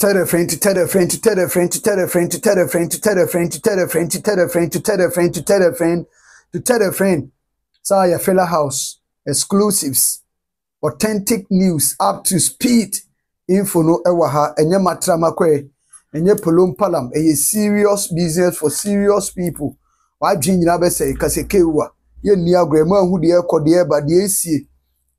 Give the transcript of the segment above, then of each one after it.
tell a friend to tell a friend to tell a friend to tell a friend to tell a friend to tell a friend to tell a friend to tell a friend to tell a friend to tell a friend to tell a friend. Saya fellow House exclusives, authentic news up to speed. Info no ɛwɔ ha ɛnyɛ matrama kɔɛ ɛnyɛ polom palam enye serious business for serious people. Wadwi nyinaa bɛsɛ kase kewa yɛ nni agorɔ ɛmu ahu deɛ ɛkɔ deɛ ɛba deɛ esie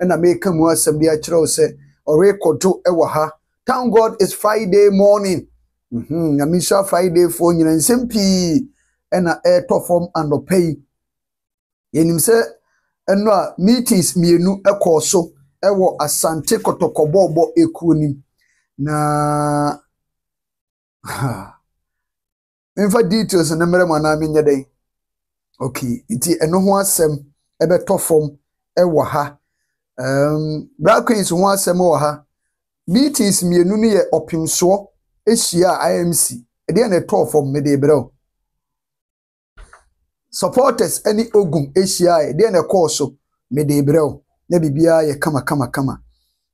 ɛna mɛka mu asɛm deɛ akyerɛw sɛ ɔrekɔdo ɛwɔ ha thank god it's friday morning mm-hmm. nyamisa mm -hmm. friday fo nyina nsɛm pii ɛna ɛɛtɔ fam anɔpɛ yi yɛnim sɛ ɛno a meetings mmienu ɛkɔɔ so ɛwɔ asante kɔtɔkɔbɔɔbɔ ekuo ekuni. na mfa details ne mmerɛ mu anaa menyɛ dɛn okay Iti eno ho ebe to form ɛwɔ ha um, black queens ho asɛm wɔ ha meetings mmienu no yɛ ɔpemsoɔ ahyia a imc ɛdeɛ na ɛtɔɔ fam mede brɛ o supporters ne ogun ahyia a ɛdeɛ na ɛkɔɔ so mede brɛ o na biribiara yɛ kamakamakama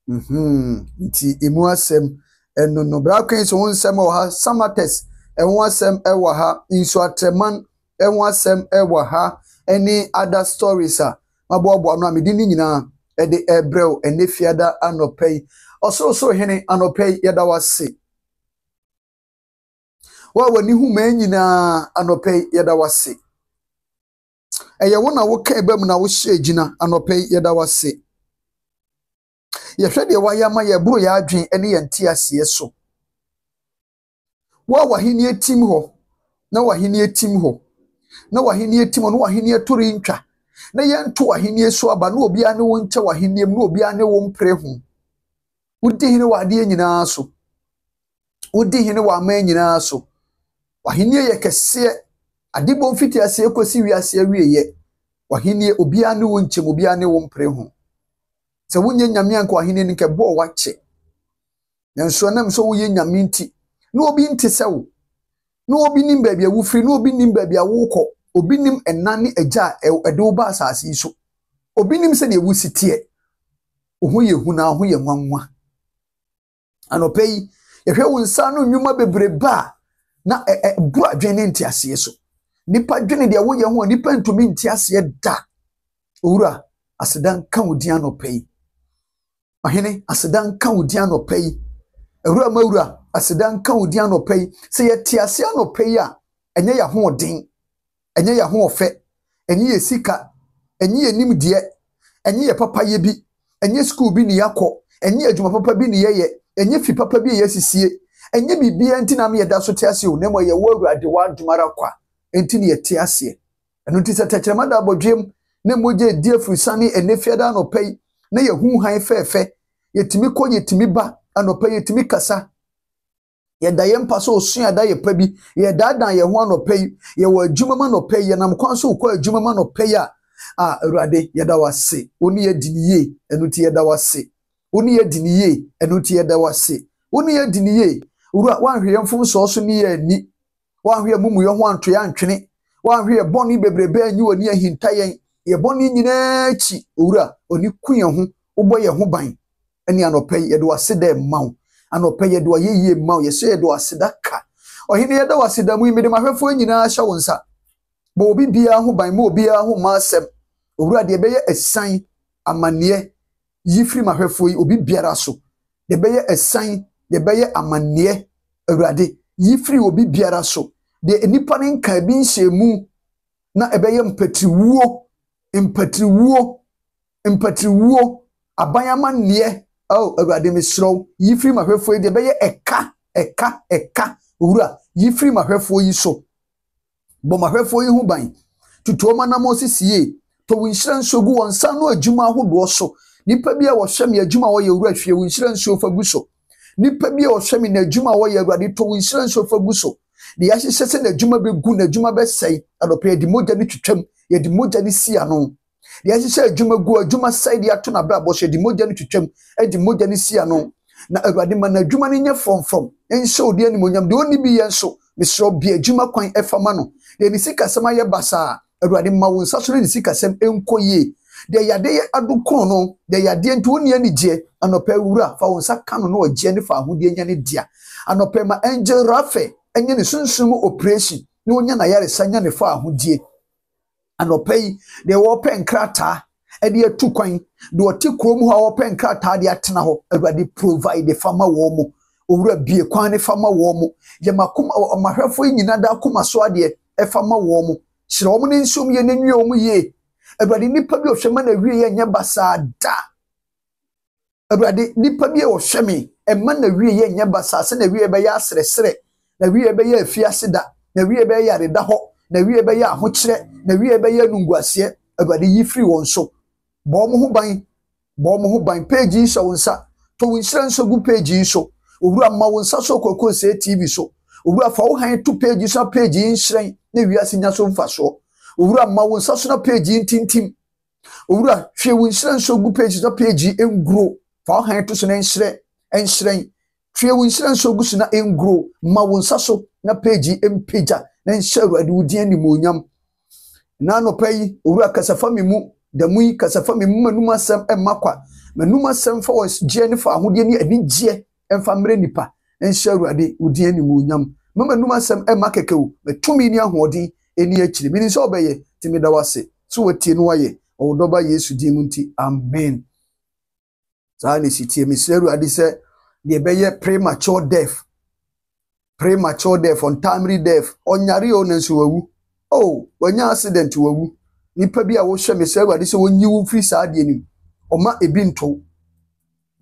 mhm. nti ɛmu asɛm ɛno no brakwen so ho nsɛm wɔ ha samates ɛho asɛm ɛwɔ ha nsuatrɛman ɛho asɛm ɛwɔ ha ne other stories a maboaboa no a mede ne nyinaa ɛde ɛbrɛ o ɛnɛ fiada anɔpɛ yi ɔsorosoro hene anɔpɛ yi yɛda wase wo a w'ani hu nyinaa anɔpɛ yi yɛda wase ɛyɛ wo na woka ba na wohyɛ gyina anɔpɛ yi yɛda wase yɛhwɛ deɛ wayɛ ama yɛboro yɛ adwen ne yɛn te aseɛ so wa a w'ahenni tim hɔ na w'ahenni tim hɔ na w'ahenni tim hɔ na w'ahenni toro ntwa na yɛnto w'ahenni so aba na obiara ne wo nkyɛ w'ahenni mu na obiara ne wo mpere ho wodi hene wɔ adeɛ nyinaa so wodi hene wɔ aman nyinaa so wahenie yɛ kɛseɛ adebɔ mfiti aseɛ kɔsi wiase awieɛ wahenie obiara ne wo nkyɛm obiara ne wo mpere ho sɛ wonyɛ nyame anka wahenie no nkɛ bɔɔ wakyɛ nanso nam sɛ woyɛ nyame nti na obi nte sɛ wo na obi nim baabi a wofiri na obi nim baabi a wokɔ obi nim ɛna ne agya a ɛde wo ba asase yi so obi nim sɛdeɛ wosi teɛ wo yɛ hu na wo ho yɛ nwanwa anɔpɛ yi yɛhwɛ wo nsa no nnwuma bebrebe a na ɛbu adwene nte aseɛ so nipa dwene deɛ woyɛ ho a nipa ntumi nte aseɛ da owura aseda nka wo din anɔpɛ yi ɔhene aseda nka wo din anɔpɛ yi awura ma wura aseda nka wo din anɔpɛ yi sɛ yɛte aseɛ anɔpɛ yi a ɛnyɛ yɛ ahoɔden ɛnyɛ yɛ ahoɔfɛ ɛnyɛ yɛ sika ɛnyɛ yɛ nimdeɛ ɛnyɛ yɛ papayɛ bi ɛnyɛ sukuu bi ne yɛakɔ ɛnyɛ adwuma papa bi ne yɛyɛ ɛnyɛ fi papa bi yɛsisie ɛnyɛ biribiara nti na yɛda so te aseɛ o na mmɔ yɛwɔ awurade w'adom ara kwa nti ne yɛte aseɛ ɛno nti sɛ tɛkyerɛma da abɔdwam na mmogya edi afurisa ne ɛnɛ fiada anɔpɛ yi na yɛhu han fɛɛfɛ yɛtumi kɔ yɛtumi ba anɔpɛ yɛtumi kasa yɛda yɛn mpa so osua da yɛ pa bi yɛdaadaa yɛn ho anɔpɛ yi yɛwɔ adwuma mu anɔpɛ yi yɛnam kwan so kɔ adwuma mu anɔpɛ yi a awurade yɛda w'ase wɔn yɛ di ni yie ɛno yɛda w'ase wo ne yɛ di ne yie ɛno ti yɛ da wase wo ne yɛ di ne yie owura wahwɛ yɛn fun so ne yɛ ani wahwɛ yɛ mumu yɛn ho anto antwene wahwɛ yɛ bɔnne bebrebe anyi wɔ ne ahinta yɛn yɛ bɔnne nyinaa akyi owura oni ku yɛn ho wobɔ yɛn ho ban ɛne anɔpɛ yi yɛde wase dɛ mma wo anɔpɛ yɛde wayɛ yie mma wo yɛsɛ yɛde wase da ka ɔhene yɛda wase da mu yi mede mahwɛfoɔ nyinaa hyɛ wo nsa bɔ obi biara ho ban ma obiara ho ma asɛm owura deɛ ɛbɛyɛ ɛsan yi firi mahwɛfoɔ yi obi biara so deɛ ɛbɛyɛ ɛsan deɛ ɛbɛyɛ amanneɛ awurade yi firi obi biara so deɛ nipa ne nka bi nhyɛ mu na ɛbɛyɛ mpatiriwuo mpatiriwuo mpatiriwuo aban amanneɛ ɛwɔ awurade mesrɛw yi firi mahwɛfoɔ yi deɛ ɛbɛyɛ ɛka ɛka ɛka owura yi firi mahwɛfoɔ yi so bɔ mahwɛfoɔ yi ho ban tutuoma nam ɔsisi yie tɔwɔ nhyira nso gu wɔn nsa ano adwuma ahodoɔ so nipa bi a wɔhwɛ me adwuma wɔyɛ awura fie wo nhyira nsuo fa gu so nipa bi a wɔhwɛ me n'adwuma wɔyɛ awurade tɔ wo nhyira nsuo fa gu so deɛ ahyehyɛ sɛ n'adwuma bɛgu n'adwuma bɛsɛe adɔpɛ yɛde mogya no twitwam yɛde mogya no si ano deɛ ahyehyɛ adwuma gu adwuma sɛe de ato n'abrabɔ so yɛde mogya no twitwam ɛde mogya no si ano na awurade ma n'adwuma no nyɛ frɔmfrɔm ɛnhyɛ odi animonyam deɛ ɔni bi yɛ nso mesrɛ bi adwuma kwan ɛfama no deɛ ne sikasɛm ayɛ basaa awurade ma wo nsa so ne ne sikasɛm ɛnkɔ yie deɛ yadeɛ ado kɔn no deɛ yadeɛ nti wɔn ani gyeɛ anɔpɛ wura fa wɔn nsa ka no na ɔgyeɛ ne fa ahodeɛ nyɛ ne dea anɔpɛ ma angel rafe ɛnyɛ ne sunsun operation na wɔnyɛ n'ayaresa nyɛ ne fa ahodeɛ anɔpɛ yi deɛ wɔpɛ nkrataa ɛde atu kwan deɛ ɔte kurom hɔ a wɔpɛ nkrataa de atena hɔ awurade provide fama wɔn mo owura bie kwan ne fama wɔn mo yɛma kuma ɔmahwɛfoɔ nyinaa da akoma so adeɛ ɛfama wɔn mo hyerɛ wɔn ne nsuom yɛ n'enwi wɔn yie awurade nipa bi ɔhwɛ ma na wie yɛ nyɛ basaa da awurade nipa bi a ɔhwɛ me ɛma na wie yɛ nyɛ basaa sɛ na wie bɛyɛ asrɛsrɛ na wie bɛyɛ afiase da na wie bɛyɛ yareda hɔ na wie bɛyɛ ahokyerɛ na wie bɛyɛ nunguaseɛ awurade yi firi wɔn so bɔ wɔn ho ban bɔ wɔn ho ban peegi yi wɔn nsa to wɔn nhyira nso gu peegi yi so owura ma wɔn nsa so kɔkɔ nsɛɛ tv so owura fa wɔn han to peegi so a peegi yi nhyerɛn na wiase nya so mfa soɔ owura ma wo nsa so na page ntintim owura hwɛ wo nhyerɛ nso gu page na page nguro fa ɔhan to so na nhyerɛ nhyerɛn hwɛ wo nhyerɛ nso gu so na nguro ma wo nsa so na page mpagya na nhyɛ awurade wo din animuonyam na anɔpa yi owura kasafa mi mu dɛmu yi kasafa mi mu manum asɛm ɛma kwa manum asɛm fa wɔn gyeɛ ne fa ahodeɛ ne anigyeɛ ɛmfa mmerɛ nipa nhyɛ awurade wo din animuonyam mama num asɛm ɛma kɛkɛ o matumi ahoɔden ɛni akyiri bi ni sɛ ɔbɛyɛ tumi da wase so wɔtie no wayɛ ɔwɔ dɔba yesu din mu nti amen saa na esi tie mesrɛ awurade sɛ deɛ ɛbɛyɛ premature death premature death untimely death ɔnyare o nanso wawu o wanya accident wawu nipa bi a wohwɛ mesrɛ awurade sɛ wɔnyi wo mfiri saa deɛ nim ɔma ebi nto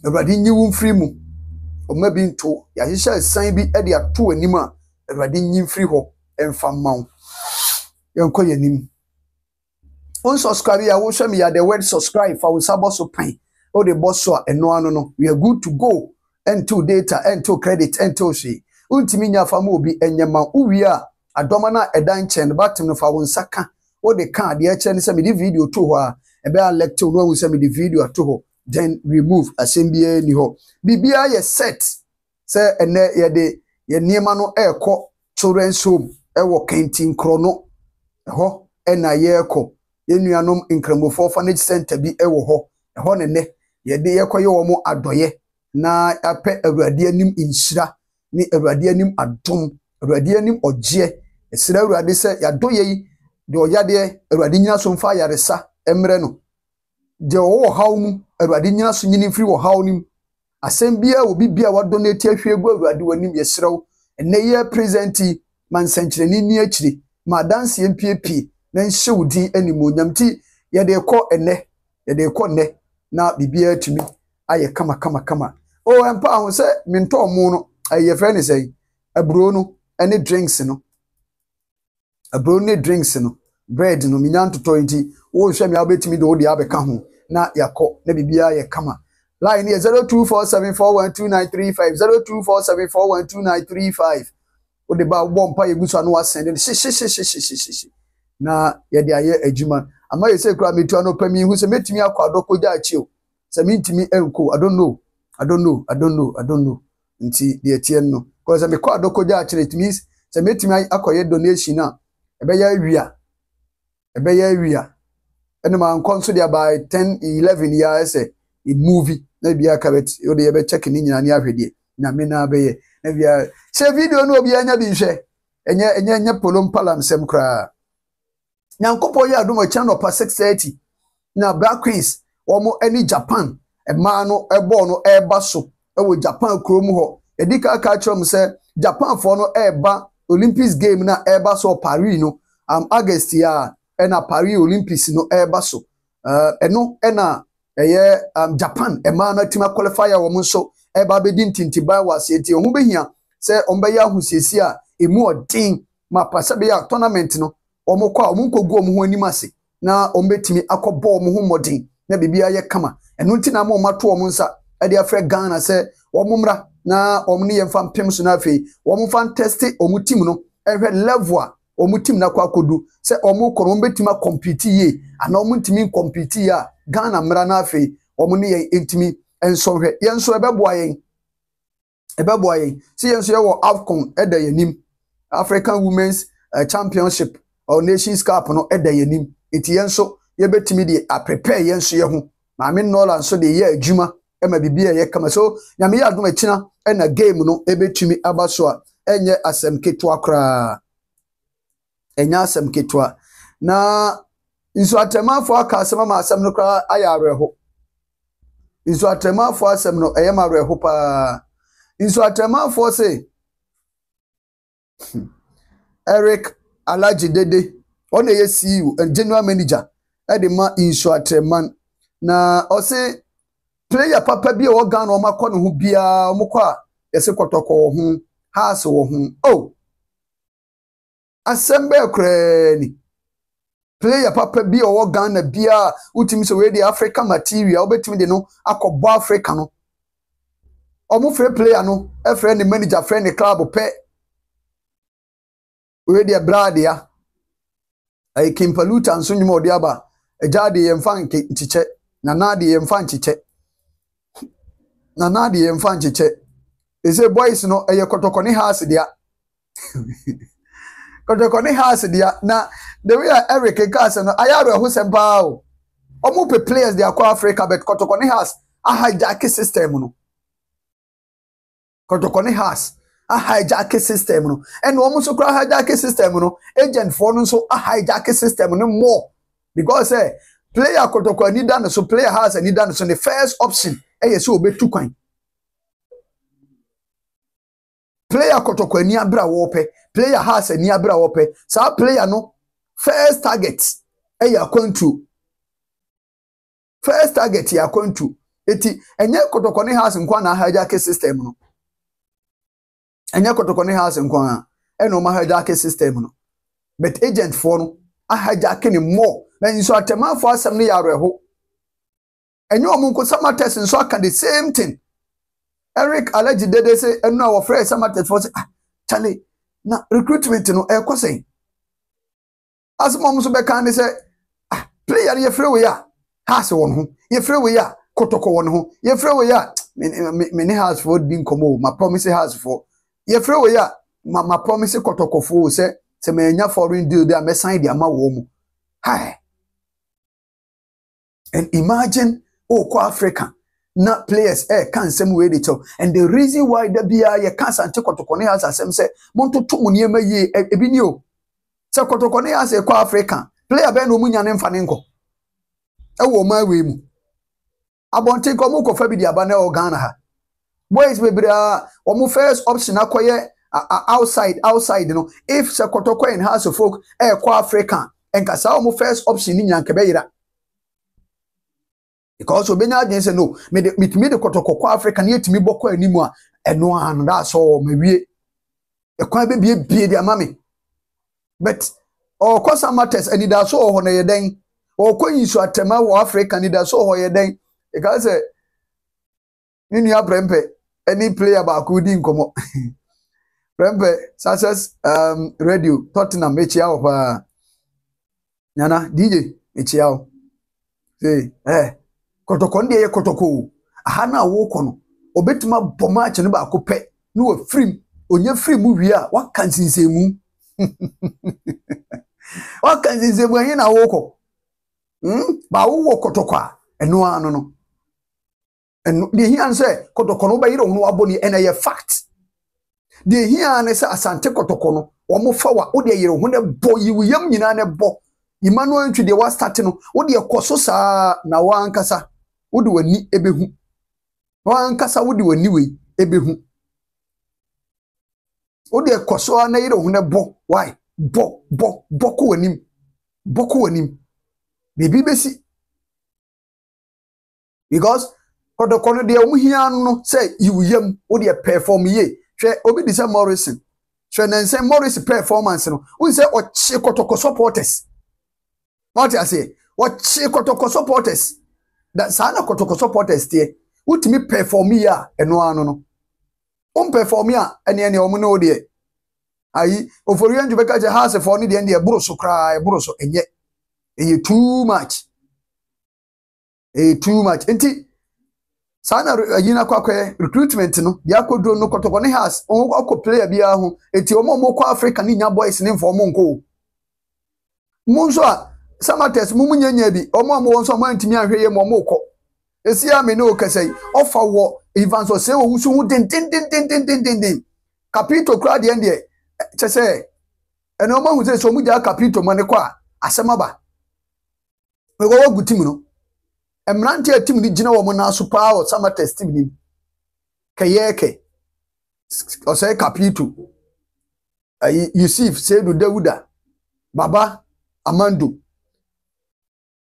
awurade nyi wo mfiri mu ɔma bi nto yɛahyehyɛ ɛsan bi de ato anim a awurade nyi mfiri hɔ ɛmfa mma yɛnkɔ yɛn anim unsubscribe yɛ a wohwɛ me yɛ the word subscribe fa wo nsa so pan o de bɔ so a ɛno ano no we are good to go ɛnto data ɛnto credit ɛnto hwee wontumi nya fa ma obi ɛnyɛma wowie a adɔma no ɛda nkyɛn no batem no fa wo nsa ka wo de ka adeɛ kyerɛ ne sɛ mede video to hɔ a ɛbɛyɛ lecture no ahu sɛ di video ato hɔ then remove asɛm biara ni hɔ biribiara yɛ set sɛ ɛnɛ yɛde yɛ nneɛma no ɛrekɔ children's home ɛwɔ kɛntinkorɔ no ɛhɔ ɛna yɛrekɔ yɛn nuanom nkramofoɔ fanage center bi ɛwɔ hɔ ɛhɔ ne nɛ yɛde yɛkɔyɛ wɔn adɔyɛ na apɛ awurade anim nhyira ne awurade anim adom awurade anim ɔgyeɛ ɛsrɛ awurade sɛ yɛadɔyɛ yi deɛ ɔyadeɛ awurade nyina so mfa ayaresa mmerɛ no deɛ ɔwɔ ɔhaw mu awurade nyina so nyini firi ɔhaw no mu asɛm biara obi bi a wadɔ no eti ahwie gu awurade w'anim yɛsrɛ wo ɛnɛ yɛ present ma nsɛnkyerɛnne ni akyire ma adanseɛ mpiepie na nhyɛ wo din animuonyam nti yɛde kɔ ɛnɛ yɛde kɔ nnɛ na biribiara tumi ayɛ kamakamakama o ɛmpa ho sɛ mentɔn mo no yɛfrɛ ne sɛ aburo no ne drinks no aburo ne drinks no bread no menya ntotɔ nti wɔrehwɛ me a wobɛtumi de wode abɛka ho na yɛakɔ na biribiara yɛ kama line yɛ 0247412935 0247412935 wode ba wobɔ mpa yɛgu so ano wasɛn de no hyehyehyehyehyehyehye na yɛde ayɛ adwuma ama yɛ sɛ kura metua no pɛ mihu sɛ mɛtumi akɔ adɔ kɔgya akyi o sɛ mentumi anko i don't know i don't know i don't know i don't know nti deɛ teɛ no kɔɔ sɛ mekɔ adɔ kɔgya akyi it means sɛ mɛtumi akɔyɛ donation a ɛbɛyɛ awia ɛbɛyɛ awia ɛnna maa nkɔ nso deɛ by ten eleven yɛ ayɛ sɛ a movie na ebi aka bɛ wode yɛbɛ check ne nyinaa ne ahwɛ deɛ nyame naa bɛyɛ ebia hyɛ video no obiara nya bi nhwɛ ɛnyɛ ɛnyɛ ɛnyɛ polo mpala nsɛm koraa nyankopɔn yɛ adum ɛkyɛn nɔpa six thirty na black queens wɔn ɛne japan mmaa no ɛbɔɔ no ɛɛba so ɛwɔ japan kurom hɔ ɛdi kaa kaa kyerɛ mu sɛ japanfoɔ no ɛɛba olympics game na ɛɛba so paris no am august a ɛna paris olympics no ɛɛba so ɛno ɛna ɛyɛ japan mmaa no atim akɔlɛfa yɛ wɔn nso ɛba bɛdi ntintiban wɔ aseɛ nti ɔmo bɛhia sɛ ɔmo bɛyɛ ahosiesie a emu ɔden ma pasa bɛyɛ a tournament no ɔmo kɔ a ɔmo nkɔ gu ɔmo ho anim ase na ɔmo bɛtumi akɔ bɔ ɔmo ho mmɔden na biribi ayɛ kama ɛno nti na ama ɔmo ato ɔmo nsa ɛde afrɛ ghana sɛ ɔmo mmra na ɔmo ne yɛn fa mpem so na afei ɔmo fa ntɛste ɔmo tim no ɛhwɛ level a ɔmo tim na akɔ akɔdu sɛ ɔmo kɔ no ɔmo bɛtumi akɔmpiti yie anaa ɔmo ntumi nkɔmpiti yie a ghana mmra nsɔhwɛ yɛn nso ɛbɛboa yɛn ɛbɛboa yɛn si yɛn nso yɛwɔ afcon ɛda yɛn nim african women's uh, championship or nations cup no ɛda yɛn nim eti yɛn nso yɛbɛtumi de aprepare yɛn nso yɛ ho maame nnɔla nso de yɛ adwuma ɛma bibi a yɛ kama so nyame yɛ adum akyina ɛna game no ɛbɛtumi aba so a ɛnyɛ asɛm ketewa koraa ɛnyɛ asɛm ketewa na nso atɛmanfoɔ aka asɛm ama asɛm no koraa ayɛ awerɛho nso atrɛmafoɔ asɛm no ɛyɛ ma awerɛho paa nso atrɛmafoɔ se hmm, eric alagye dede ɔna ɛyɛ ceo eh, general manager ɛde ma nso atrɛman na ɔse player papa bi a ɛwɔ ghana ɔmo akɔ ne ho biara ɔmo kɔ a yɛsɛ kɔtɔkɔ wɔ ho haase wɔ ho o oh! asɛm bɛɛ koraa ni. player papa bi a ɔwɔ ghana bi wotumi sɛ wei de africa material wobɛtumi de no akɔbɔ africa no ɔmo frɛ player no ɛfrɛ ne manager frɛ ne club pɛ wei deɛ braadea ɛyɛ kimpaluta nso nnwuma ɔde aba ɛgya de yɛn fa nkyekyɛ nana de yɛn fa nkyekyɛ nana de yɛn fa nkyekyɛ ɛsɛ boys no ɛyɛ kɔtɔkɔne house dea kɔtɔkɔne house dea na the way Eric Nkansa no ayaro ɛho a paa o ɔmo pe players de akɔ Africa but Kotokone has a hijack system no Kotokone has a hijack system no ɛna ɔmo nso kora ahijack system no agent foɔ no nso ahijack system no more because ɛ eh, player Kotoko ani da ne so player has ani da ne so the first option ɛyɛ eh, sɛ two kwan. player Kotoko ani abira wɔpɛ player has ani eh, abira wɔpɛ saa player no first target ɛyɛ eh, akwantuo first target yɛ akwantuo eti ɛnyɛ kɔtɔkɔne house nkwa na ahagyake system no ɛnyɛ kɔtɔkɔne house nkwa ɛna ɔmo eh, ahagyake system no but agent foɔ no ahagyake ne mɔɔ na nso atɛmafoɔ asɛm no yɛ awerɛho ɛnyɛ ɔmo nko samatex nso aka the same thing eric alagye dede se ɛnu a wɔfrɛ samatex foɔ se ah kyale na recruitment no ɛkɔ eh, sɛn. asɛm a ɔmo nso bɛka ne sɛ ah player no yɛfrɛ wei a haase wɔ ne ho yɛfrɛ wei a kotoko wɔ ne ho yɛfrɛ wei a me ne haasefoɔ di nkɔmɔ o ma promise haasefoɔ yɛfrɛ wei a ma ma promise kotokofoɔ o sɛ sɛ ma anya foreign deal bi a mɛsan de ama wɔn mu hi and imagine oh okɔ africa na players ɛ e, ka nsɛm wei de kyɛw and the reason why da biara yɛka asante kotoko ne haase asɛm sɛ montoto mo nneɛma yie e, ebi ni o. sɛ kɔtɔkɔ ne yɛasɛ kɔ africa player bɛɛ na ɔmu nya ne mfa ne nkɔ ɛwɔ ɔma awei mu abɔnten kɔ ɔmu kɔfa bi aba na ɛwɔ ha boys bebree a first option akɔyɛ outside outside no if sɛ kɔtɔkɔ in house of folk ɛɛkɔ africa nkasa ɔmu first option ne nya nkɛbɛ yira because obenya adwene sɛ no metumi de kɔtɔkɔ kɔ africa ne yɛtumi anim a ɛno asɔ ɛkwan bie ama but ọkọ samatex anidaso wɔ hɔ no yɛ dɛn ɔkɔ yinsu atɛma wɔ africa anidaso ọhọ hɔ yɛ dɛn ɛka sɛ ne nua prɛmpɛ ɛne player baako di nkɔmɔ prɛmpɛ success um, radio tottenham ekyia wɔ paa nana dj ekyia wɔ see ɛɛ kɔtɔkɔ no deɛ yɛ kɔtɔkɔ o aha na a wɔrekɔ no obetuma bɔ maakye no baako pɛ ne wɔ firim onye firim wie a waka nsinsin mu. ɔka nzinzebuanyi na wokɔ hmm? ba wowɔ kɔtɔkɔ a ɛno ara no no deɛ hia no sɛ kɔtɔkɔ no wobɛyerɛ wo no wabɔ ne ɛnɛ yɛ fact deɛ hia ne sɛ asante kɔtɔkɔ no wɔn fa wa wode yere ho ne bɔ yiwiyam nyinaa ne bɔ emmanuel ntwi deɛ wasate no wode ɛkɔ so saa na wankasa wode w'ani ɛbɛhu wankasa wode w'ani wei ɛbɛhu wo deɛ kɔ so a na yɛrɛ ohun bɔ why bɔ bɔ bɔ kɔ w'anim bɔ kɔ w'anim beebi besi because kɔdɔkɔ no deɛ ɔmo hia no sɛ yiwu yam wo deɛ perform yie hwɛ obi di sɛ morrison hwɛ ne nsɛm morrison performance no n sɛ ɔkye kɔtɔkɔ supporters n'ɔte aseɛ ɔkye kɔtɔkɔ supporters da saa na kɔtɔkɔ supporters teɛ wotumi perform yie a ɛnoa no no ɔmpɛfɔmi a ɛne ɛne ɔmo ne o deɛ ayi ofori ɛntu bɛka kyɛ haasefoɔ ne deɛ ne deɛ ɛboro so koraa ɛboro so ɛnyɛ ɛyɛ too much ɛyɛ too much nti saa na ayi na akɔakɔɛ recruitment no deɛ akɔduro no kɔtɔkɔ ne house ɔmo akɔ player biara ho eti ɔmo ɔmo kɔ africa ne nya boys ne nfa ɔmo nko o mo nso a samatex mo mo nyanya bi ɔmo a wɔn nso a mo ahwɛ yie mo ɔmo kɔ esi ami ne o kɛsɛ yi ɔfa wɔ mfansɔsɛe wɔ wusu ho dendendendendendenden kapito kura deɛ deɛ kyɛ sɛ ɛnna wɔn ahu sɛ sɛ wɔn gyaa kapito mu ne kɔ a asɛm aba mɛkɔ wɔ gu tim no mmeranteɛ tim no gyina wɔn nan so paa wɔ samatex tim nim kɛyɛɛkɛ ɔsɛ kapito ɛyi yusuf seidu dawuda baba amando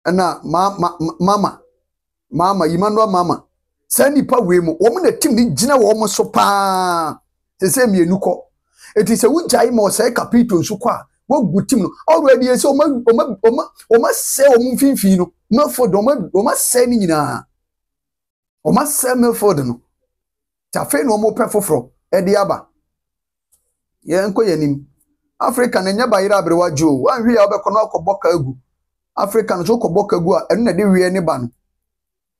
ɛnna uh, ma ma mama mama yimanua mama saa nipa wei mu wɔn na tim ne gyina wɔn so paa sese mmienu kɔ eti sɛ wogyae ma ɔsɛe kapito nso kɔ a wɔgu tim no already sɛ wɔn wɔn wɔn wɔn asɛe wɔn mfimfini no milford wɔn wɔn asɛe ne nyinaa wɔn asɛe milford no tafei na wɔn pɛ foforɔ ɛde aba yɛn nkɔ yɛn nim africa na nyɛ bayerɛ aberewa jo wɔn ahwi a wɔbɛkɔ na wɔkɔ bɔ ka egu africa na nso kɔ bɔ ka egu a ɛno na ɛde wie ne ba no.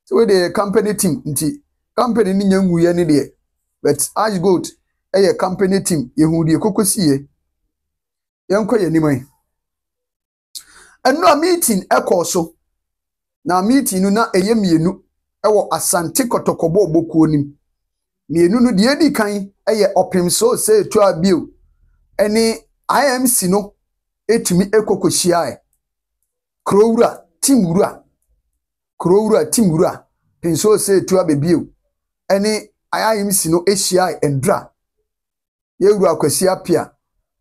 sɛ wei deɛ company team nti company ne nya nwuiɛ ne deɛ but ash gold yɛ company team yɛhu deɛ koko sie yɛnkɔ yɛn anim yi ɛno a meeting kɔɔ so na meeting no na ɛyɛ mmienu wɔ asante kɔtɔkɔbɔ ɔbɔkuo nim mmienu no deɛ edi kan yɛ ɔpem so sɛ etu abio ɛne imc no etumi ekɔkɔhyia yɛ e. kurowura team wura. kurowura timwura nsuose etua bebio ɛne si no ahyia ndra yɛwura akwasi apia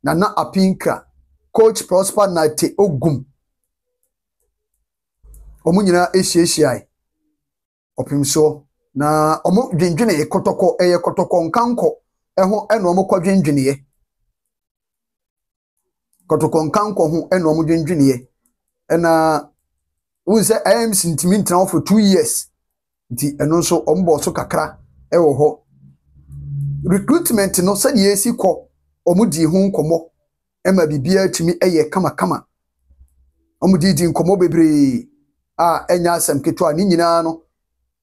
nana apinkra coach prosper nate ogum wɔn nyinaa ahyiahyia ɔpinso na wɔn dwendwene kɔtɔkɔ ɛyɛ kɔtɔkɔ nkankɔ ɛho ɛna wɔn kɔ dwendweneɛ kɔtɔkɔ nkankɔ ho ɛna wɔn dwendweneɛ ɛna. wọn sɛ imc ntumi ntena hɔ for two years nti ɛno nso wɔn bɔ so kakra ɛwɔ hɔ recruitment no sɛdeɛ esi kɔ wɔn di ho nkɔmɔ ɛma biribiara tumi ɛyɛ kamakama wɔn di di nkɔmɔ bebree a ɛnya asɛm ketewa ne nyinaa no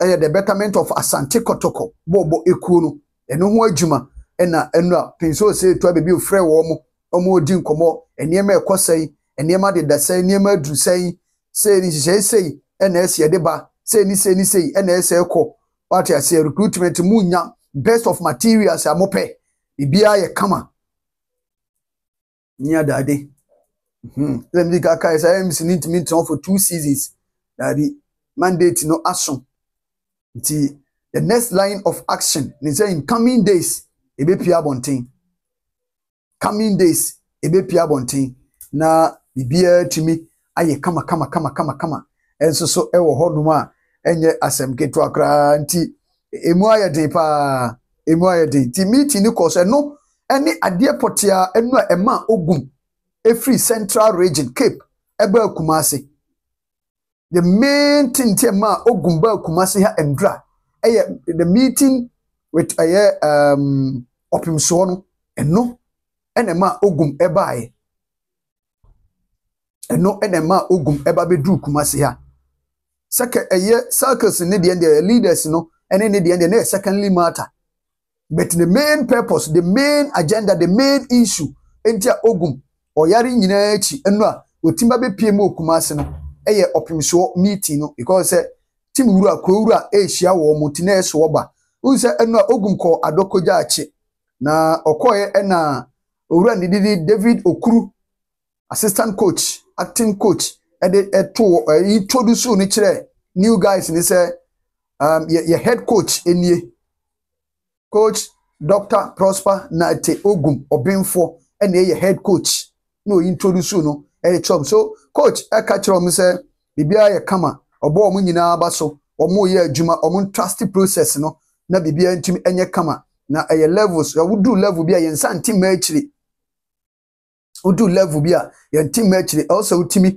ɛyɛ the betterment of asante kɔtɔkɔ bɔɔbɔ ekuo no ɛno ho adwuma ɛna ɛnura pinso ose etu a beebi ofrɛ wɔn wɔn di nkɔmɔ nneɛma ɛkɔ sɛn nneɛma deda sɛn nneɛma aduru sɛn. sei ni nhyehyɛe sei ɛna ɛsɛ yɛde ba sei ni sei ni sei ɛna ɛsɛ ɛkɔ wate aseɛ recruitment mu nya best of materials a mopɛ biribiara yɛ kama nyia daade mhm. ɛna mi kaka ɛsɛ ɛyɛ misi ni ntumi ntoma for two seasons daade mandate no aso nti the next line of action ne sɛ in coming days ebepie abɔnten coming days ebepie abɔnten na biribiara tumi ayɛ kama kama kama kama kama nso so wɔ hɔnom a ɛnyɛ asɛm ketewa koraa nti emu ayɛ den paa emu ayɛ den nti meeting no kɔ so ɛno ne adeɛ pɔtea ɛnu a ɛma ogum efiri central region cape ɛbɛɛ kumase the main thing ti ɛma ogum bɛɛ kumase ha ndra ɛyɛ the meeting with ɛyɛ um, ɔpimsoɔ no ɛno ɛna ɛma ogum ɛbaeɛ ɛno ɛna ɛma ogum ɛba bɛduru kumase ha sɛkɛ ɛyɛ circles ne deɛ deɛ leaders no ɛne ne deɛ deɛ ne yɛ secondly matter but the main purpose the main agenda the main issue nti ogum ɔyare nyinaa akyi ɛno a otim ba bɛpie mu okumase no ɛyɛ ɔpemsoɔ meeting no because sɛ tim wura kurowura ɛrehyia wɔn mo ti na ɛso ɔba n sɛ ɛno a ogum kɔ adɔkogya akyi na ɔkɔɛ ɛna owura ne didi david okuru assistant coach acting coach ɛde ɛto ɛyi uh, introduce ne kyerɛ new guys ne sɛ um, yɛ yɛ head coach enie coach Doctor prosper nate ogum ɔbɛnfoɔ ɛna ɛyɛ head coach na oyi introduce no ɛde kyerɛ ɔmo so coach ɛka kyerɛ ɔmo sɛ biribiara yɛ kama ɔbɔ ɔmo nyinaa ba so ɔmo yɛ adwuma ɔmo trust process no na Bibi, biribiara ntumi ɛnyɛ kama na ɛyɛ eh, levels ɛwudu level bi a yɛn nsa nti mma akyire wodu level bi a yɛn team akyire ɛwɔ sɛ wotumi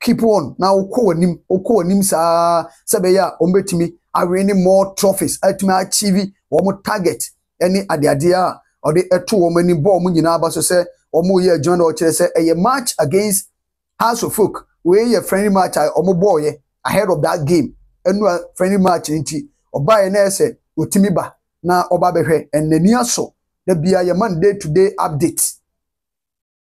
keep on na wokɔ w'anim wokɔ w'anim saa sɛ bɛyɛ a wɔn bɛtumi awe ne more trophies atumi achieve wɔn target ɛne adeadeɛ a ɔde ɛto wɔn ani bɔɔl mu nyinaa ba so sɛ wɔn reyɛ adwuma na ɔkyerɛ sɛ ɛyɛ match against house of folk wei yɛ friendly match a wɔn bɔɔl ahead of that game ɛnu a friendly match nti ɔbaa yɛ na ɛsɛ otimi ba na ɔba bɛhwɛ ɛnani aso na bia yɛ man day to day update.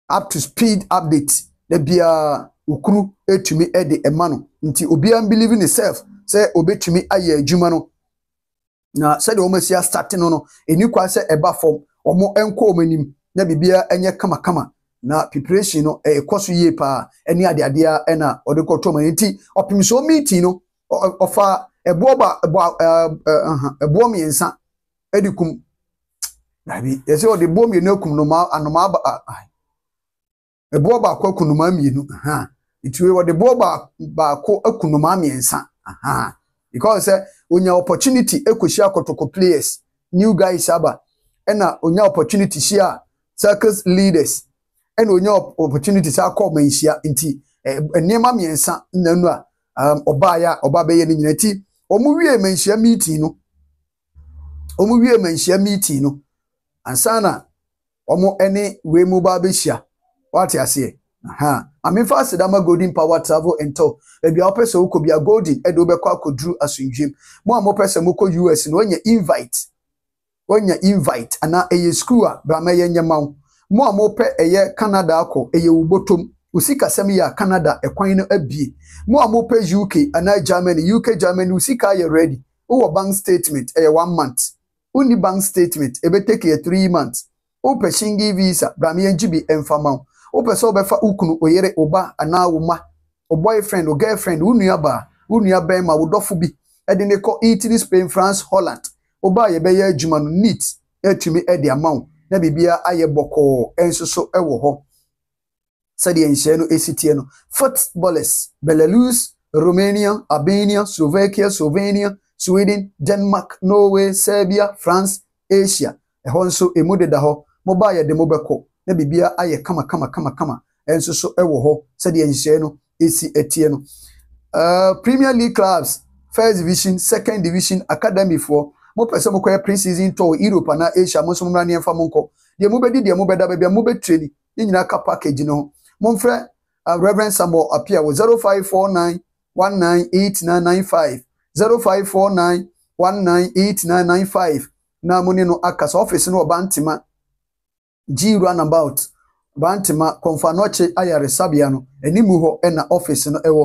up to speed update na biara okunu etumi ɛde ɛma no nti obiara believe in himself sɛ obetumi ayɛ adwuma no na sɛde wɔn asi asate no no eni kwa sɛ ɛba fam wɔn nkɔ wɔn anim na biribiara nyɛ kamakama na preparation no ɛkɔ so yie paa ɛne adeadeɛ ɛna ɔde kɔtɔ wɔn nti ɔpemsoɔ meeting no ɔfa ɛboɔ ba ɛbo ɛɛ ɛboɔ mmiɛnsa ɛde kum yɛsɛ ɔde boɔ mmienu akum nomaa anomaa ba aa. ɛboɔ baako akunu mmaa mmienu aha nti wɔde boɔ baako akunu mmiɛnsa aha because sɛ onya opportunity ekɔhyia kɔtɔkɔ players new guys aba ɛna onya opportunity hyia circus leaders ɛna onya opportunity sɛ akɔ ɔmo nhyia nti nneɛma mmiɛnsa nnanu a um, ɔbaa ya ɔbaa bɛyɛ no nyinaa nti ɔmo wie mmanhyia meeting no ɔmo wie mmanhyia meeting no ansana ɔmo ɛne wei mu ba abɛhyia wate aseɛ amefa asedama golden power travel and tour ebi a wopɛ sɛ wokɔ bia golden ɛde wobɛkɔ akɔduru asomdwem mo a mopɛ sɛ mokɔ us no wɔnya invite wɔnya invite anaa ɛyɛ skul a bramɛyɛ nyɛma wo mo a mopɛ ɛyɛ canada akɔ ɛyɛ wo bɔtɔm osikasɛm yɛ a canada ɛkwan no abie mo a mopɛ uk ana germany uk germany osika yɛ ready wowɔ bank statement ɛyɛ one month wonni bank statement take yɛ three months wopɛ shingi visa bramɛyɛ ngye bi ɛmfa ma wo wopɛ sɛ wobɛfa wo kunu wo wo ba anaa wo ma wo boyfriend wo girlfriend wo nua baa wo nua bɛrima wo dɔfo bi ɛde ne kɔ italy spain france holland wo baa yɛbɛyɛ adwuma no neat atumi ɛde ama wo na biribiara ayɛ bɔkɔɔ ɛnso so ɛwɔ hɔ sɛdeɛ nhyɛn no esi no footballers belarus romania albania slovakia slovenia sweden denmark norway serbia france asia ɛhɔ nso emu deda hɔ mo baa yɛde mo bɛkɔ na biribia ayɛ kama kama kama kama ɛnso so ɛwɔ hɔ sɛdeɛ nhyehyɛeɛ no esi ɛteɛ no uh, premier league clubs first division second division academy foɔ mo pɛ sɛ mo kɔyɛ pre-season tour europe anaa asia mo nso mo mmeranteɛ nfa mo nkɔ deɛ mo deɛ mo baabi a mo ni ne nyinaa ka package no ho mo mfrɛ uh, reverend samuel apia wɔ zero five four nine one nine eight nine nine five zero five four nine one nine eight nine nine five na mo ne no aka sɛ ɔfisi no ɔba ntoma gyi runabout bantema kɔnfa nɔkye ayaresabea no anim hɔ ɛna ɔfisi no ɛwɔ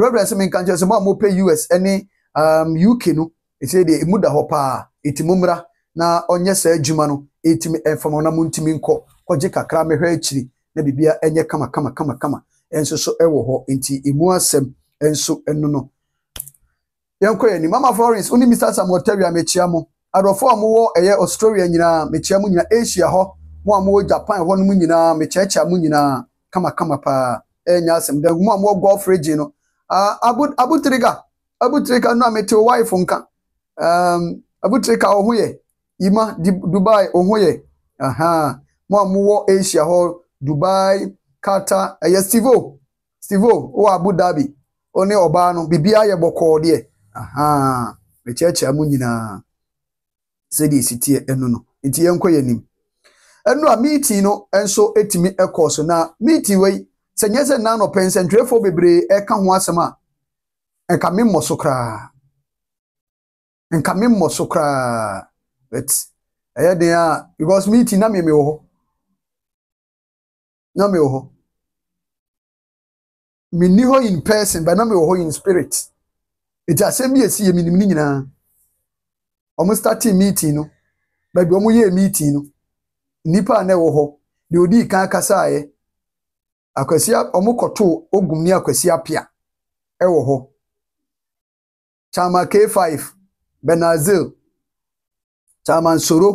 rɛbrɛ sɛ menka nkyɛn sɛ mo a mopɛ us ɛne um, uk no ɛsɛ deɛ emu da hɔ paa ɛtumi mmra na ɔnyɛ saa adwuma no ɛtumi ɛfam eh, na montumi nkɔ kɔgye kakra mehwɛ akyiri na biribia ɛnyɛ kama kama kama kama ɛnso so ɛwɔ hɔ nti emu asɛm ɛnso ɛno no yɛnkɔ yɛ ni mama florence wo ne mr samuel terry a mekyia mo adɔfoɔ a mowɔ ɛyɛ australia nyinaa mekyia mo nyinaa asia hɔ mo a mowɔ japan hɔ nom nyinaa mekyerɛkyerɛ mo nyinaa kamakama paa ɛnyɛ asɛm dɛ mo a mowɔ golf regye no abutirika abutirika no a mete wife nka abutirika ɔho yɛ ima dubai ɔho yɛ mo a mowɔ asia hɔ dubai kata ɛyɛ sivo sivo wɔ abu dhabi ɔne ɔbaa no biribiara yɛ bɔkɔɔ deɛ mekyerɛkyerɛ mo nyinaa sɛdeɛ siteɛ ɛno no nti yɛnkɔ yɛ anim ɛnu a meeting no nso etumi ɛkɔɔ so na meeting wei sɛ nyɛ sɛ nnan nɔpɛ nsɛntwerɛfoɔ bebree ɛka ho asɛm a nka me mmɔ so koraa nka me mmɔ so koraa but ɛyɛ den a because meeting na mmemme wɔ hɔ na mmemme wɔ hɔ me nni hɔ in person but na mmemme wɔ hɔ in spirit eti asɛm bi esi yɛ me nim ne nyinaa wɔn starting meeting no baabi wɔn yɛ meeting no. nnipa a na ɛwɔ hɔ odi kan kasaeɛ akwasi ɔmo kɔtoo ogum ne akwasi apia ɛwɔ hɔ chama k5 benazil chama nsoro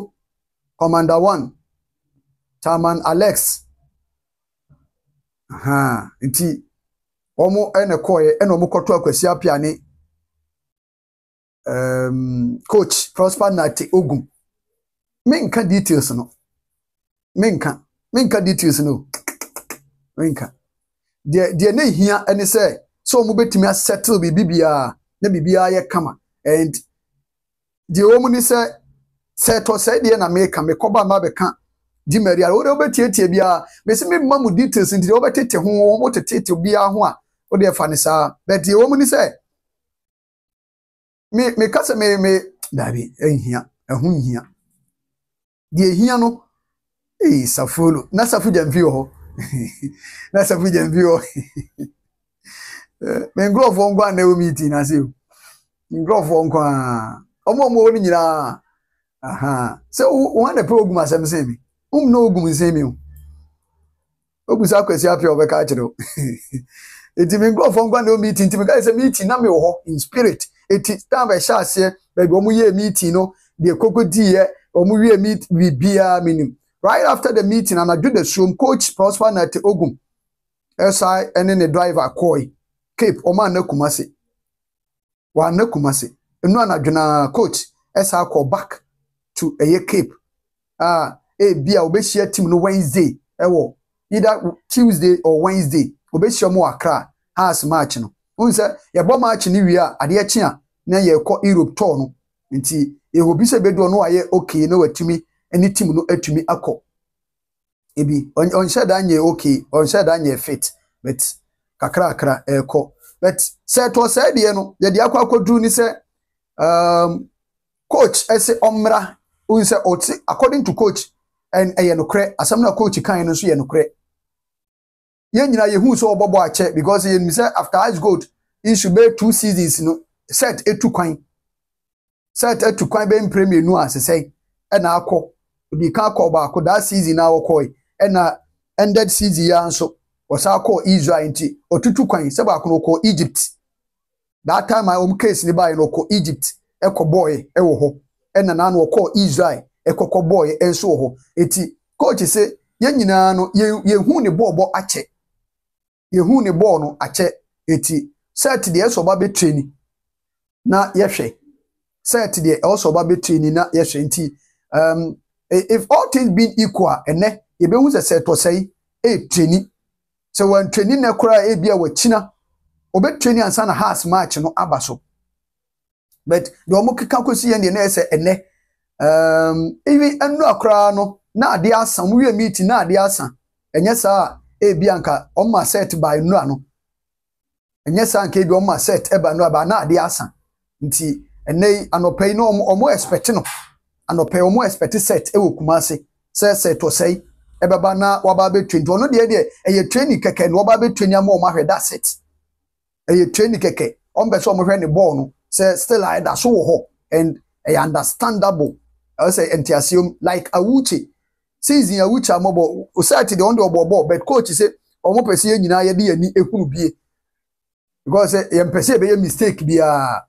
commander 1, chama alex Aha, nti wɔn na kɔɔɛ na wɔn kɔtoo akwasi apia ni um, coach prosper ogun. ogum nke details no. menka menka details no menka deɛ deɛ ne hia ne sɛ sɛ wɔn bɛtumi asettle biribi biara na biribi ayɛ kama and deɛ wɔn ni sɛ sɛ ɛtɔ sɛ deɛ na meka mekɔba ma bɛka di mɛri ara wɔde wɔbɛtietie biara bɛsi mi ma mu details nti deɛ wɔbɛtete ho wɔn wɔtetete biara ho a wɔde ɛfa ne saa but deɛ wɔn ni sɛ me meka sɛ me me daabi ɛnhia ɛho nhia deɛ ehia no. Ei safolo na safo gyamfi wɔ na safo gyamfi wɔ mɛ nkurɔfoɔ nko a na ɛwɔ miiti na se o nkurɔfoɔ nko a ɔmo ɔmo wɔ no aha se wɔn na pɛ ogum asɛm sɛn mi wɔn na ogum nsɛn ogu sa akwasi apia ɔbɛka akyerɛ o eti mi nkurɔfoɔ nko a na ɛwɔ miiti nti mi ka sɛ na mi wɔ in spirit eti taa bɛ hyɛ aseɛ baabi wɔn yɛ no deɛ koko diye, yɛ wɔn yɛ miiti bi biara right after the meeting anadwo da suom coach prosper nate ogum ɛsa ɛne ne driver kɔɛ cape ɔmo ana kumase wana kumase enu anadwo coach ɛsa call back to ɛyɛ cape ah, a o a obehyia team no wednesday ɛwɔ eh, either tuesday or wednesday o ɔmo wɔ accra house match no ohun sɛ yɛbɔ match ne a adeɛ kye a na yɛkɔ europe tour no nti ehobi sɛ no ayɛ eh, okay na wetumi. ne team no atumi akɔ ebi ɔnhyɛ da nyɛ okay ɔnhyɛ da nyɛ fit but kakrakra ɛɛkɔ but sɛ ɛtɔ sɛ deɛ no yɛde akɔ akɔduru ne sɛ um, coach ɛsɛ ɔmmra ohun sɛ ɔte according to coach ɛn ɛyɛ nokorɛ asɛm na coach kan no nso yɛ nokorɛ yɛn nyinaa yɛhu sɛ ɔbɔbɔ akyɛ because yɛn mi sɛ after ice gold nsu bɛyɛ two seasons no set etu kwan set etu kwan bɛyɛ premier mmienu a sesɛn ɛna akɔ ɔde ka kɔ baako that season a wɔkɔe ɛna ended season yi nso wɔsan kɔ israel nti ɔtutu kwan sɛ baako no ɔkɔ egypt that time a wɔn case ne baayɛ no ɔkɔ egypt ɛkɔ bɔɔyɛ ɛwɔ hɔ ɛna naanu ɔkɔ israel ɛkɔkɔ bɔɔyɛ ɛnso wɔ hɔ eti coach sɛ yɛn nyinaa no yɛn yɛn hu ne bɔɔl bɔ akyɛ yɛn hu ne bɔɔl no akyɛ eti set deɛ ɛsɛ ɔba bɛtire ni na yɛhwɛ set deɛ ɛsɛ ɔba bɛtire ni na yɛhwɛ nti um, Eh, if all things being equal ɛnɛ yɛbɛhu sɛ sayi ɛtɔ eh, sɛ ɛɛtreni sɛ wɔntreni na koraa ebi eh, a wɔkyina wɔbɛtreni ansa na house march no aba but the wɔn keka kɔsi yɛn na ese um, ehm, even nnura koraa no na adeɛ asa wɔn wie meeting na adeɛ asa ɛnyɛ saa ebi anka wɔn ma set by no saa ebi set ba na no. anɔpɛ wɔn expect set wɔ kumase sɛ set ɔsɛe ɛbɛba na waba abɛtwe nti ɔno deɛ deɛ ɛyɛ training kɛkɛ na waba abɛtwe ni ama wɔn ahwɛ that set ɛyɛ training kɛkɛ wɔn bɛ sɛ wɔn hwɛ ne ball no sɛ still ayɛ da so wɔ hɔ and ɛyɛ understandable ɛwɔ sɛ ntiaseɛm like awuche season awuche amɔbɔ osaati deɛ wɔn de ɔbɔ ball but coach sɛ wɔn pɛ sɛ yɛn nyinaa yɛde yɛn ni ehunu bie because yɛn pɛ sɛ yɛbɛyɛ mistake biara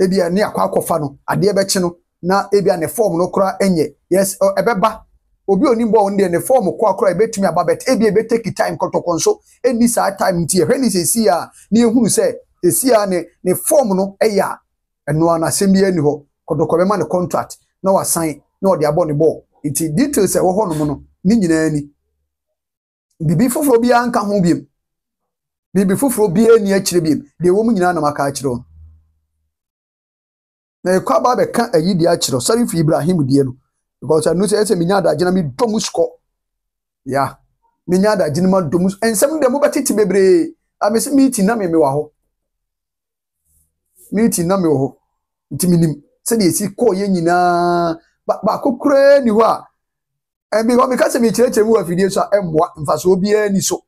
ebi yɛ ne akɔ akɔfa no adeɛ bɛkye no na ebia ne fọm no koraa nye yes ɛbɛba obi onim bɔɔl no deɛ ne fɔm kɔ akora ebetumi aba bɛt ebi ebeteki time kɔtɔkɔ nso eni saa time nti ɛhwɛ ni sɛ esi a ne ehunu sɛ esi a ne ne fɔm no ɛyɛ a ɛnoa na asɛm bi ɛni hɔ kɔtɔkɔ bɛma ne contract na wasan na ɔde abɔ ne bɔɔl nti details ɛwɔ hɔ nom no ne nyinaa ni bibi foforɔ biara nka ho biem bibi foforɔ biara ni akyire biem deɛ wɔn nyinaa nam aka akyerɛ wɔn. na ɛkɔ aba bɛka ayi deɛ akyerɛ sɔre fi ibrahim deɛ no because ɛnu sɛ ɛsɛ minya adagye na mi dɔm sukɔ ya minya adagye na ma dɔm nsɛm deɛ mo bɛ tete bebree amesi miiti na mi mi wɔ hɔ miiti na mi wɔ hɔ nti mi nim sɛdeɛ esi kɔɔ yɛ nyinaa ba baako koraa ni hɔ a ɛbi hɔ mi kasa mi kyerɛkyerɛ mu wɔ afidie so a ɛmboa mfasoɔ biara ni so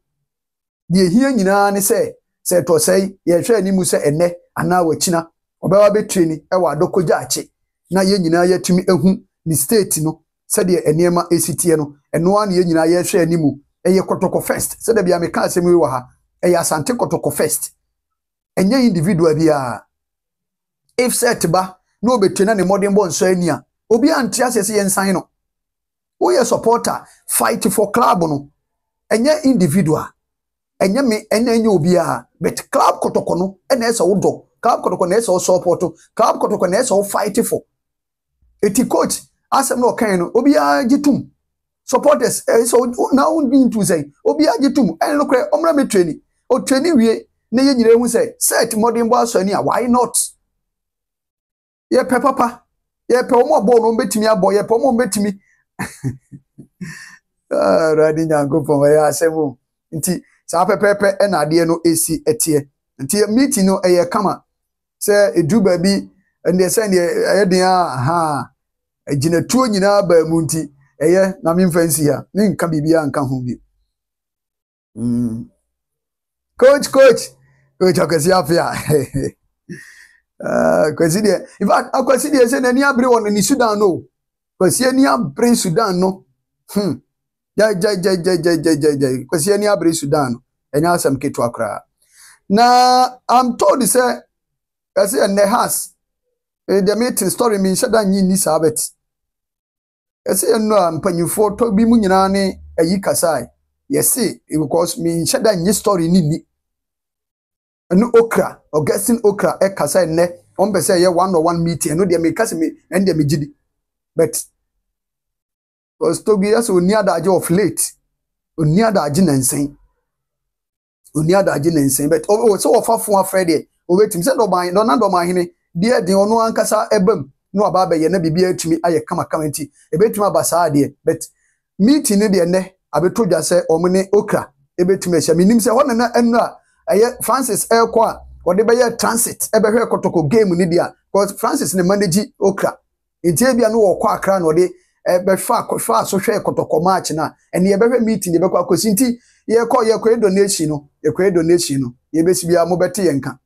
deɛ ehia nyinaa ne sɛ sɛ ɛtɔ sɛ yɛhwɛ anim sɛ ɛnɛ anaa wɔkyina ɔbɛba bɛtire ni ɛwɔ adɔkogya akyi na yɛn nyinaa yɛtumi ehu ni state no sɛdeɛ nneɛma esi teɛ no ɛnoa na yɛn nyinaa yɛhwɛ animu ɛyɛ kɔtɔkɔ first sɛdeɛ bia meka asɛm yi wɔ ha ɛyɛ asante kɔtɔkɔ first ɛnyɛ individual biara if set ba na obetire na ne mmɔden bɔ nsɔ ani a obi ante aseɛ sɛ yɛnsan no woyɛ supporter fight for club no ɛnyɛ individual ɛnyɛ me ɛna ɛnyɛ obi a but club kɔtɔkɔ no ɛna ɛsɛ wo dɔ club kɔtɔkɔ na ɛsɛ wo sɔpɔtɔ club kɔtɔkɔ na ɛsɛ wo fight for eti coach asɛm na ɔkan no obiara gye tum supporters ɛsɛ eh, wo na wo di ntu sɛ obiara gye tum ɛna no korɛ ɔmra mi twɛni wie na yɛ nyinaa ehu sɛ set mɔden bɔ asɔ ani a why not yɛ pɛ papa yɛ pɛ wɔn abɔ wɔn bɛtumi abɔ yɛ pɛ wɔn bɛtumi awurade ah, nyankopɔn ɛyɛ asɛm o nti. saa pɛpɛɛpɛ na adeɛ no si teɛ nti meeting no yɛ kama sɛ edu baabi ndeɛ sɛ ndeɛ ɛyɛ den a ha gyinatuo nyinaa baa mu nti ɛyɛ na memfa nsi ha ne nka biribiara nka ho bio mm. coach coach coach akwasi afe a ah, akwasi deɛ in fact akwasi deɛ sɛ n'ani abere wɔ no ne sudan no akwasi ani abere sudan no hmm gyagyagyagyagyagyagya akwasi ani abere sudan no ɛnyɛ asɛm ketewa koraa na i'm told sɛ ɛsɛ yɛ nehas deɛ mete story mi nhyɛ da nyi ni saa bɛte ɛsɛ yɛ no a mpanyinfoɔ tɔ bi mu nyinaa ne ayi kasae yɛse because mi nhyɛ da nyi story ni ni ɛne okra augustine okra ɛkasae nnɛ wɔn pɛ sɛ ɛyɛ one on one meeting ɛno deɛ mi kasa mi ɛne deɛ mi gyi di but because togi ɛsɛ oni adagye of late oni adagye nansan oni adagye ne nsɛn bɛ ɔwɔ sɛ wɔfa fo afrɛ deɛ ɔbɛtumi sɛ dɔban dɔnan dɔmanhene deɛ deɛ ɔno ankasa ɛbɛm na waba abɛyɛ na biribi atumi ayɛ kamakama nti ɛbɛtumi aba saa adeɛ bɛt miiti ne deɛ nnɛ abɛto dwa sɛ ɔmo ne okra ɛbɛtumi ahyia minim sɛ hɔ nana ɛnu a ɛyɛ francis ɛɛkɔ a ɔde bɛyɛ transit ɛbɛhwɛ kɔtɔkɔ game ne deɛ cause francis ne manage okra nti ebia no wɔkɔ akra na ɔde ɛbɛfa akɔfa aso na ɛnneɛ ɛbɛhwɛ miiti deɛ ɛbɛkɔ yɛkɔ yɛkɔ yɛ donation no yɛkɔ yɛ donation no yɛbɛsi biara mobɛte yɛn nka